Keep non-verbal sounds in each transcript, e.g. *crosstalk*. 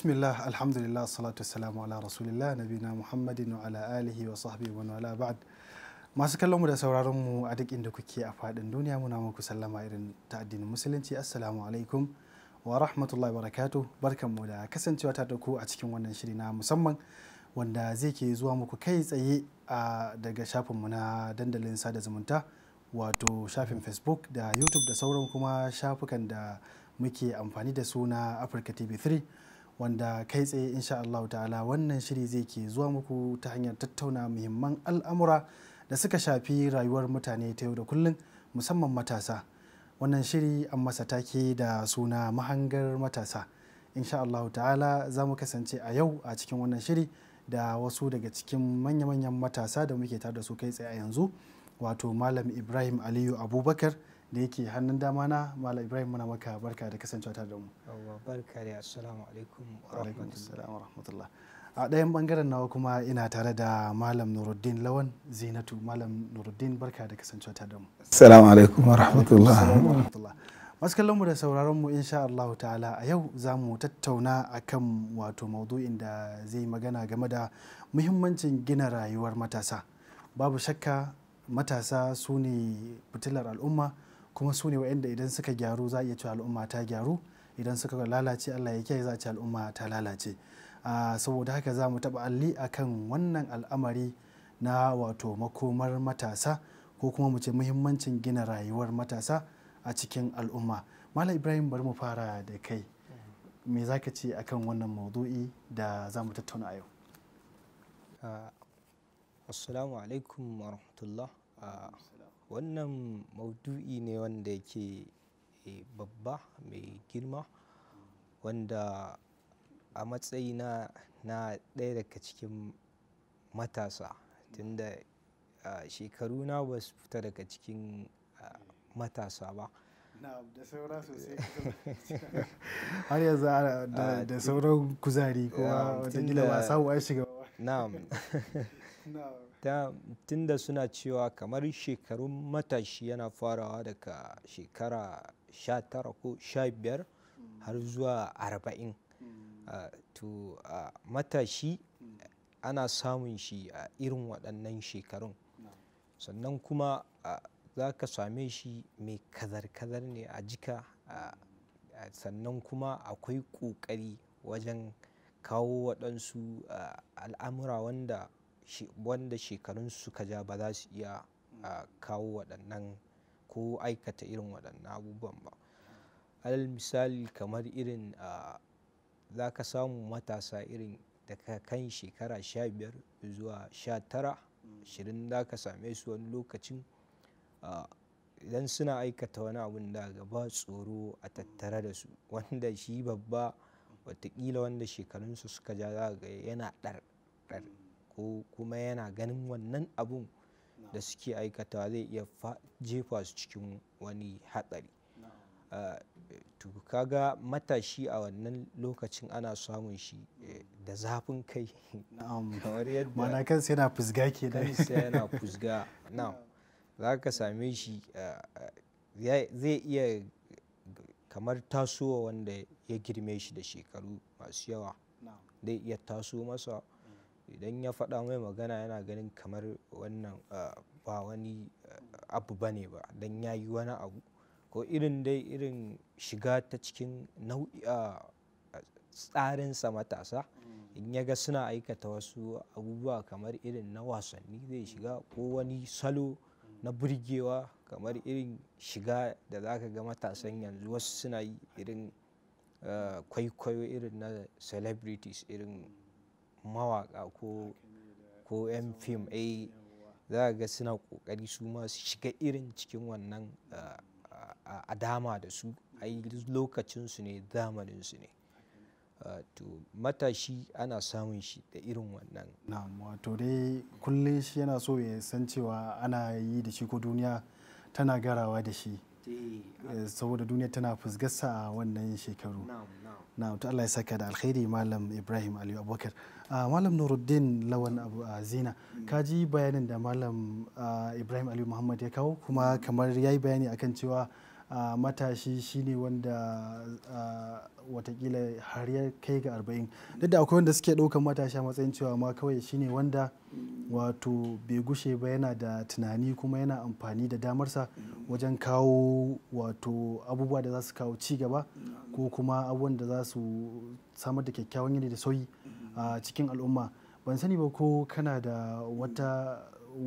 bismillah alhamdulillah salatu salamu ala rasulillah nabina muhammadin ala alihi wa sahbihi wa ala ba'd masu kallon mu da sauraron mu a duk inda kuke a fadin duniya muna muku sallama irin ta addinin musulunci assalamu alaikum wa rahmatullahi barakatuh barkan mu da kasancewa ta ku a cikin wannan shiri na musamman wanda zai ke zuwa muku kai tsaye a daga shafin mu na dandalin sada zumunta wato shafin facebook da youtube da sauran kuma shafukan da muke amfani da su na africa tv 3 wanda kai tsaye insha Allah ta'ala wannan shiri zai ke zuwa muku ta hanyar tattauna muhimman al'amura da suka shafi rayuwar mutane ta yau da kullum musamman matasa wannan shiri an masa take da suna mahangar matasa insha Allah ta'ala za mu kasance a yau a cikin wannan shiri da wasu daga cikin manya-manyan matasa da muke tare da su kai tsaye a yanzu wato malam ibrahim aliyu abubakar da yake hannun dama na malam ibrahim muna maka barka da kasancewa tare da mu barka da assalamu alaikum wa rahmatullah a ɗayan bangaren nawa kuma ina tare da malam nuruddin lawan zinatu malam nuruddin barka da kasancewa tare da mu assalamu alaikum wa rahmatullah masu kallon mu da sauraron mu insha Allah ta'ala a yau za mu tattauna akan wato maudu'in da zai magana game da muhimmancin gina rayuwar matasa babu shakka matasa su ne fitilar al'umma kuma su ne wa'anda idan suka gyaru za a iya cewa al'umma ta gyaru idan suka lalace Allah ya kiyaye za a ce al'umma ta lalace ah, saboda haka za mu taɓa alli akan wannan al'amari na wato makomar matasa ko kuma mu ce muhimmancin gina rayuwar matasa a cikin al'umma malam ibrahim bari mu fara da kai me za ka ce akan wannan maudu'i da za mu tattauna a yau ah, assalamu alaikum wa rahmatullah ah, Wannan maudu'i ne wanda yake eh, babba mai girma wanda a matsayina na ɗaya daga cikin matasa tunda shekaru ba su fita daga cikin matasa ba. Na'am da saura sosai. *laughs* Har yanzu da sauran kuzari kuma watakila ba a samu an shiga ba. Na'am. *laughs* ta tunda suna cewa kamar shekarun matashi yana farawa daga shekara 19 ko 15 har zuwa 40 mm. to matashi mm. ana samun shi a irin waɗannan shekarun sannan kuma za ka same shi mai kazar-kazar ne a jika sannan kuma akwai ƙoƙari wajen kawo waɗansu al'amura wanda wanda shekarun suka ja ba za su iya kawo waɗannan ko aikata irin waɗannan abubuwan ba alal misali kamar irin za ka samu matasa irin daga kan shekara sha biyar zuwa sha tara shirin za ka same su wani lokacin idan suna aikata wani abun da gaba tsoro a tattare da su wanda shi babba watakila wanda shekarunsu suka ja za ga yana ɗar ko kuma yana ganin wannan abun da suke aikatawa zai iya jefa su cikin wani hatsari ah, to kaga matashi a wannan lokacin ana samun shi eh, da zafin kai *laughs* kamar yadda mana kansa yana fusga ke da sai yana *laughs* fusga now za ka same shi ah, zai iya kamar tasowa wanda ya girme shi da shekaru masu yawa zai iya taso masa idan ya faɗa mai magana yana ganin kamar wannan ba wani abu ba ne ba don ya yi wani abu ko irin dai irin shiga ta cikin nau'i tsarinsa matasa in ya ga suna aikata wasu abubuwa kamar irin na wasanni zai shiga ko wani salo na burgewa kamar irin shiga da za ka ga matasan yanzu wasu suna yi irin kwaikwayo irin na celebrities irin mawaka ko ko 'yan fim a eh, za ga suna kokari su ma su shiga irin cikin wannan a dama da su ai lokacinsu ne zamaninsu ne to matashi ana samun shi da irin wannan na'am wato dai kullum shi yana so ya san cewa ana yi da shi ko duniya tana garawa da shi Eh, saboda duniya tana fusgasa a wannan shekaru na to Allah ya saka da alkhairi malam Ibrahim Aliyu Abubakar ah, malam Nuruddin Lawan Abu ah, Zina mm. ka ji bayanin da malam ah, Ibrahim Aliyu Muhammad ya kawo kuma kamar ya yi bayani akan cewa uh, matashi shine wanda watakila har ya kai ga arba'in duk da akwai wanda suke ɗaukan matashi a matsayin cewa ma kawai shine wanda wato bai gushe ba yana da tunani kuma yana amfani da damarsa wajen kawo wato abubuwa da za su kawo ci gaba ko kuma abubuwan da za su samar da kyakkyawan yanayi da sauyi a cikin al'umma ban sani ba ko kana da wata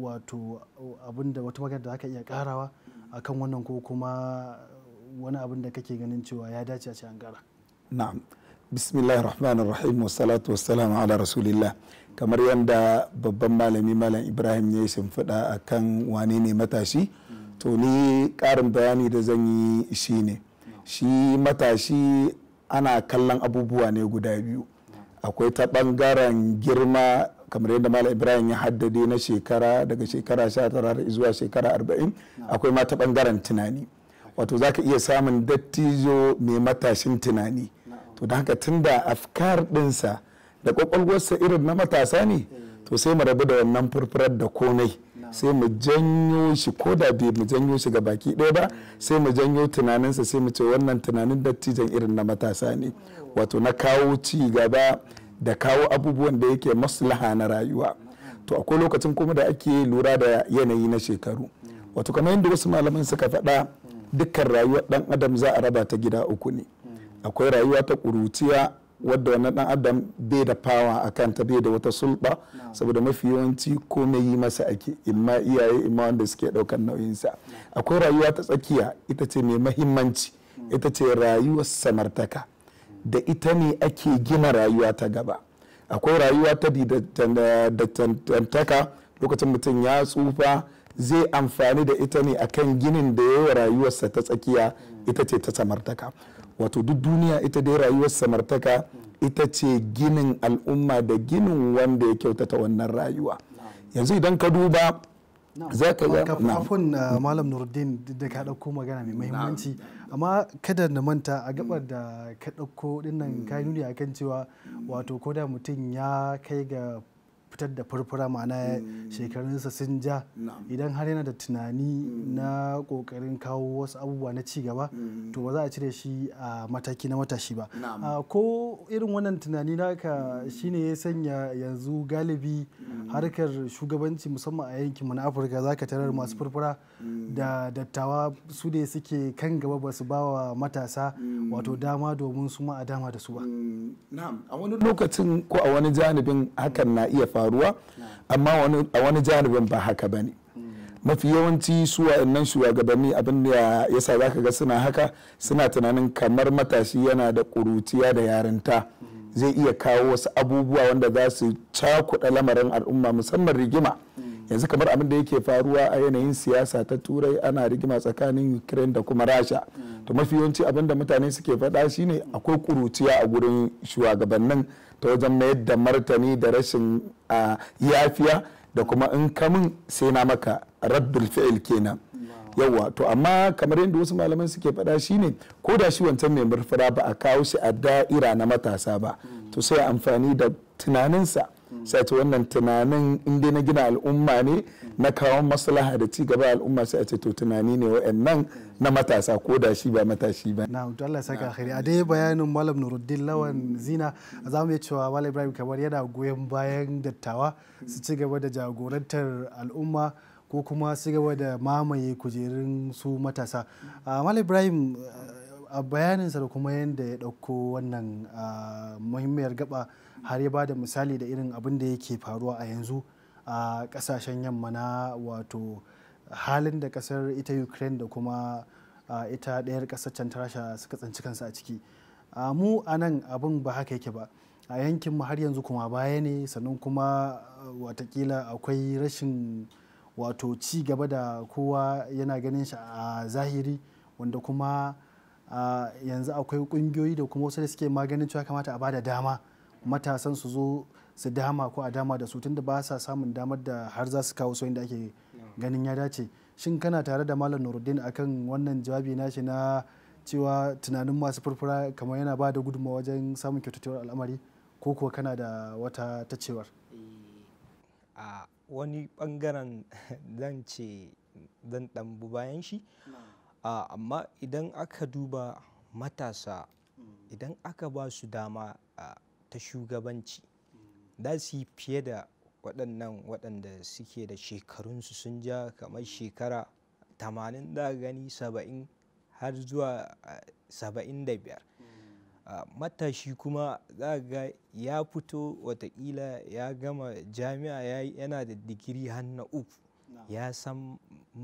wato abin da wata magana da ka iya karawa akan wannan ko kuma wani abin da kake ganin cewa ya dace a gara an bismillah na'am rahman ar rahim wa ala rasulillah kamar yadda babban malami malam ibrahim ne fada shimfiɗa akan wane ne matashi to ni karin bayani da zan yi shi ne shi matashi ana kallon abubuwa ne guda biyu akwai ta ɓangaren girma kamar yadda mala ibrahim ya haddade na shekara daga shekara 19 zuwa shekara arba'in akwai ma ta bangaren tunani wato zaka iya samun dattijo mai matashin tunani to da haka tun da afkar dinsa da kwakwalwarsa irin na matasa ne eh. to sai mu rabu da wannan furfurar da konai sai mu janyo shi ko da bai mu janyo shi ga baki ɗaya ba eh. sai mu janyo tunaninsa sai mu ce wannan tunanin dattijan irin na matasa ne oh. wato na kawo ci gaba da kawo abubuwan da yake maslaha na rayuwa to akwai lokacin kuma da ake lura da yanayi na shekaru wato kamar yadda wasu malaman suka faɗa dukkan rayuwar ɗan adam za a raba ta gida uku ne akwai rayuwa ta ƙuruciya wadda wani ɗan adam bai da fawa a kanta bai da wata sulɓa saboda mafi yawanci ko komai yi masa ake imma iyaye imma wanda suke ɗaukar nauyinsa akwai rayuwa ta tsakiya ita ce mai mahimmanci ita ce rayuwar samartaka da ita ne ake gina rayuwa ta gaba akwai rayuwa ta dattantaka lokacin mutum ya tsufa zai amfani da ita ne akan ginin da ya yawa rayuwarsa ta tsakiya ita ce ta samartaka wato duk duniya ita dai rayuwar samartaka ita ce ginin al'umma da ginin wanda ya kyautata wannan rayuwa yanzu idan ka duba za ka ga kafin uh, malam nuruddin da ka ɗauko magana mai mahimmanci amma kada na manta a gabar da ka ɗauko dinnan ka nuni akan cewa wato ko da mutum ya kai ga fitar da furfura ma'ana mm. shekarunsa sun ja idan har yana da tunani mm. na kokarin kawo wasu abubuwa na ci gaba mm. to ba za a cire shi a mataki na matashi ba ah, ko irin wannan tunani naka shine ya sanya yanzu galibi harkar shugabanci musamman a yankin mu na afirka zaka tarar masu furfura da dattawa su ne suke kan gaba ba su bawa matasa wato dama domin su ma a dama da su ba na'am a wani lokacin ko a wani janibin hakan na iya faru faruwa amma a wani janibin ba haka ba ne mafi yawanci su nan shugabanni abin da ya sa za ka ga suna haka suna tunanin kamar matashi yana da kurutiya da yarinta zai iya kawo wasu abubuwa wanda za su cakuɗa lamarin al'umma musamman rigima yanzu kamar abin da yake faruwa a yanayin siyasa ta turai ana rigima tsakanin ukraine da kuma rasha to mafi yawanci abin da mutane suke faɗa shine akwai kurutiya a gurin shugabannin ta wajen mayar da martani da rashin yafiya da kuma in kamun sai na maka rabbul fi'il kenan yawa to amma kamar yadda wasu malaman suke faɗa shine ko da shi wancan mai murfura ba a kawo shi a da'ira na matasa ba to sai amfani da tunaninsa sai wannan tunanin inda na gina al'umma ne na kawo maslaha da ci gaba al'umma sai a ce to tunani ne wa'annan na matasa ko da shi ba matashi ba na to Allah saka khairi a dai bayanin malam Nuruddin Lawan Zina za mu iya cewa malam Ibrahim kamar yana goyon bayan dattawa su ci gaba da jagorantar al'umma ko kuma su gaba da mamaye kujerun su matasa malam Ibrahim a bayaninsa da kuma yadda ya ɗauko wannan muhimmiyar gaba har ya bada misali da irin abin da yake faruwa a yanzu a kasashen yamma na wato halin da kasar ita ukraine da kuma ita ɗayar ƙasar can rasha suka tsanci kansu a ciki mu a nan abin ba haka yake ba a yankin mu har yanzu kuma baya ne sannan kuma watakila akwai rashin wato ci gaba da kowa yana ganin shi a zahiri wanda kuma yanzu akwai kungiyoyi da kuma wasu da suke maganin cewa kamata a bada dama matasan su zo su dama ko a dama da su tunda ba sa samun damar da har za su kawo soyin da ake ganin ya dace shin kana tare da malam nuruddin akan wannan jawabi nashi na cewa tunanin masu furfura kamar yana ba da gudunmawa wajen samun kyautatawar al'amari ko kuwa kana da wata ta cewar eh, a wani bangaren *laughs* zan ce zan ɗambu bayan shi amma idan aka duba matasa hmm. idan aka ba su dama ta shugabanci za su yi fiye da waɗannan waɗanda suke da shekarunsu sun ja kamar shekara 80 da gani 70 har zuwa 75 matashi kuma za ga ya fito watakila ya gama jami'a yana da digiri har na uku ya san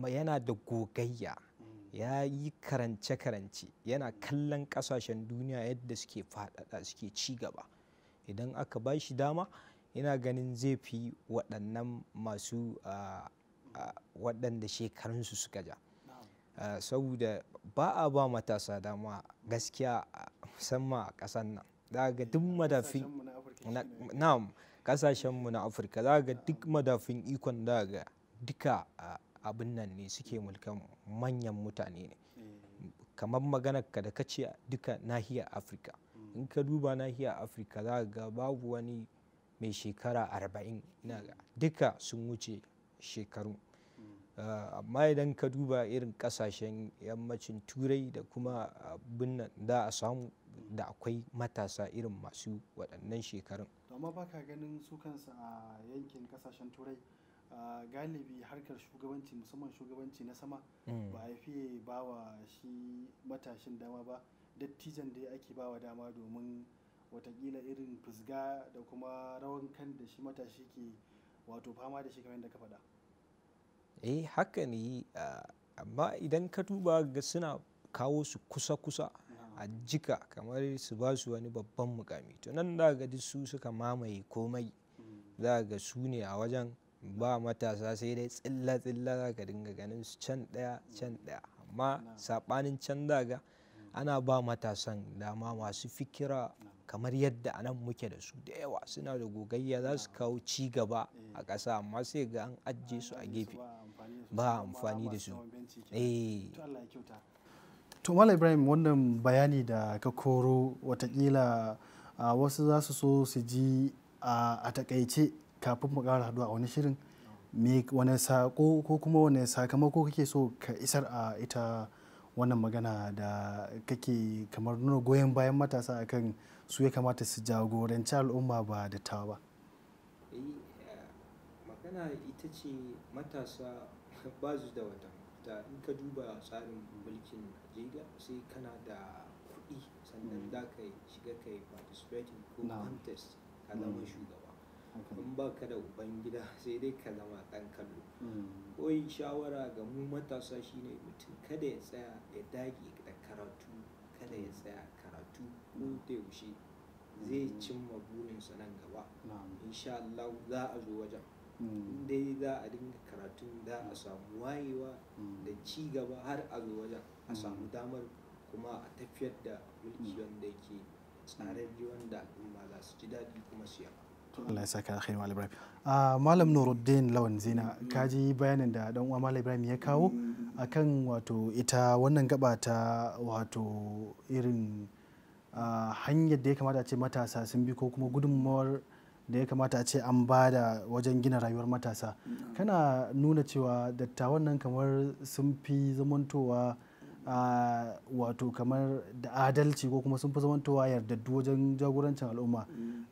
yana da gogayya mm. ya yi karance-karance yana kallon kasashen duniya yadda suke faɗaɗa suke ci gaba idan aka ba shi dama ina ganin zai fi waɗannan masu waɗanda shekarunsu suka ja saboda ba a ba matasa dama gaskiya musamman a ƙasan nan za ga duk na afirka za ga duk madafin ikon da ga duka abin nan ne suke mulkan manyan mutane ne eh. kamar maganar ka da ka ce duka nahiyar afirka in ka duba nahiyar afirka za ga babu wani mai shekara arba'in duka sun wuce shekaru ah, amma idan ka duba irin kasashen yammacin turai da kuma abin za a samu da akwai matasa irin masu waɗannan shekarun amma ba ka ganin su kansa a yankin kasashen turai ah, galibi harkar shugabanci musamman shugabanci na sama mm. ba a fiye ba wa shi matashin dama ba dattijan da ake bawa dama domin watakila irin fusga da kuma rawar kan da shi matashi ke wato fama da shi kamar da ka faɗa eh haka ne amma idan ka duba ga suna kawo su kusa-kusa a jika kamar su ba su wani babban mukami to nan za ga duk su suka mamaye komai hmm. za ga su ne a wajen ba matasa sai dai tsilla-tsilla za ka dinga ganin su can ɗaya can ɗaya amma saɓanin can za ga ana ba matasan dama masu fikira kamar yadda anan muke da su da yawa suna da gogayya za su kawo ci gaba a ƙasa amma sai ga an ajiye su a gefe ba amfani da su eh. to mala ibrahim wannan bayani da ka koro watakila wasu za su so su ji a takaice kafin mu kara haduwa a wani shirin wani sako ko kuma wani sakamako kake so ka isar a ita wannan magana da kake kamar nuna goyon bayan matasa akan su ya kamata su jagoranci al'umma ba da ta ba eh, magana ita ce matasa ba su da wata da in ka duba tsarin mulkin najeriya sai kana da kuɗi sannan mm. za ka shiga ka yi participating ko contest ka zama mm. shugaba in ba ka da uban gida *laughs* sai dai ka zama ɗan kallo yin hmm. shawara ga mu matasa shine mutum kada ya tsaya ya dage da karatu kada ya hmm. tsaya karatu ko hmm. da yaushe zai cimma burinsa nan gaba insha Allah za a zo wajen dai za a dinga karatu za a samu wayewa da ci gaba har a zo wajen a samu damar kuma a tafiyar da mulki wanda yake tsararri wanda al'umma za su ji daɗi kuma su yaba Allah ya saka alkhairi Malam Ibrahim. Ah, Malam Nuruddin Lawan Zina ka ji bayanin da dan uwa Malam Ibrahim ya kawo akan wato ita wannan gaba ta wato irin ah, hanyar da ya kamata a ce matasa sun bi ko kuma gudunmawar da ya kamata a ce an bada wajen gina rayuwar matasa kana nuna cewa dattawan nan kamar sun fi zamantowa ah, wato kamar da adalci ko kuma sun fi zamantowa yardaddu wajen jagorancin al'umma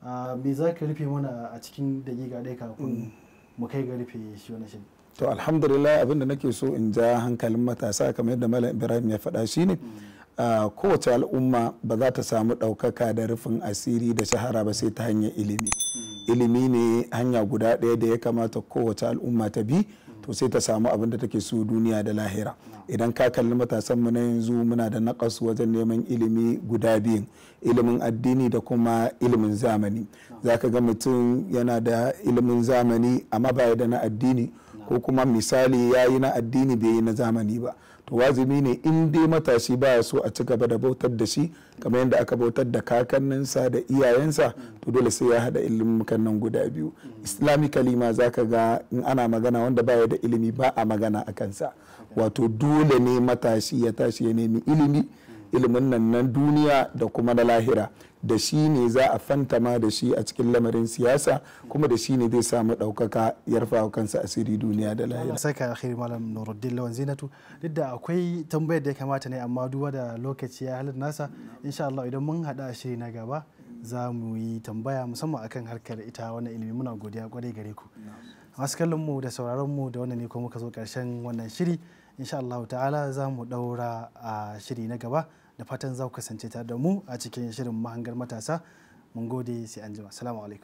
Ah, me za ka rufe mana a cikin daƙiƙa ɗaya kafin mm. mu kai ga rufe shi wani shi to alhamdulillah abinda nake so in ja hankalin matasa kamar yadda malam ibrahim ya faɗa shine mm. ah, kowace al'umma ba za ta samu ɗaukaka da rufin asiri da shahara ba sai ta hanyar ilimi mm. ilimi ne hanya guda ɗaya da ya kamata kowace al'umma ta bi to sai ta samu abin da take so duniya da lahira idan ka kalli matasan mu na yanzu muna da naƙas wajen neman ilimi guda biyun ilimin addini da kuma ilimin zamani za ka ga mutum yana da ilimin zamani amma ya da na addini ko kuma misali ya yi na addini bai yi na zamani ba to wajibi ne in dai matashi baya so a ci gaba da bautar da shi kamar yadda aka bautar da kakanninsa da iyayensa to dole sai ya hada ilimin nan guda biyu islamically ma ka ga in ana magana wanda baya da ilimi ba a magana a kansa wato dole ne matashi ya tashi ya nemi ilimi ilimin nan na duniya da kuma na lahira da shi ne za a fantama da shi a cikin lamarin siyasa kuma da shi ne zai samu ɗaukaka ya rufa kansa asiri duniya da lahira. saka akhiri malam nuruddin lawan zinatu duk da akwai tambayar da ya kamata ne amma duba da lokaci ya halar nasa insha Allah idan mun haɗa shiri na gaba za mu yi tambaya musamman akan harkar ita wannan ilimi muna godiya kwarai gare ku. masu mu da sauraron mu da wannan ne kuma muka zo karshen wannan shiri insha Allah ta'ala za mu daura a shiri na gaba da fatan za ku kasance tare da mu a cikin shirin mahangar matasa mun gode sai an jima assalamu alaikum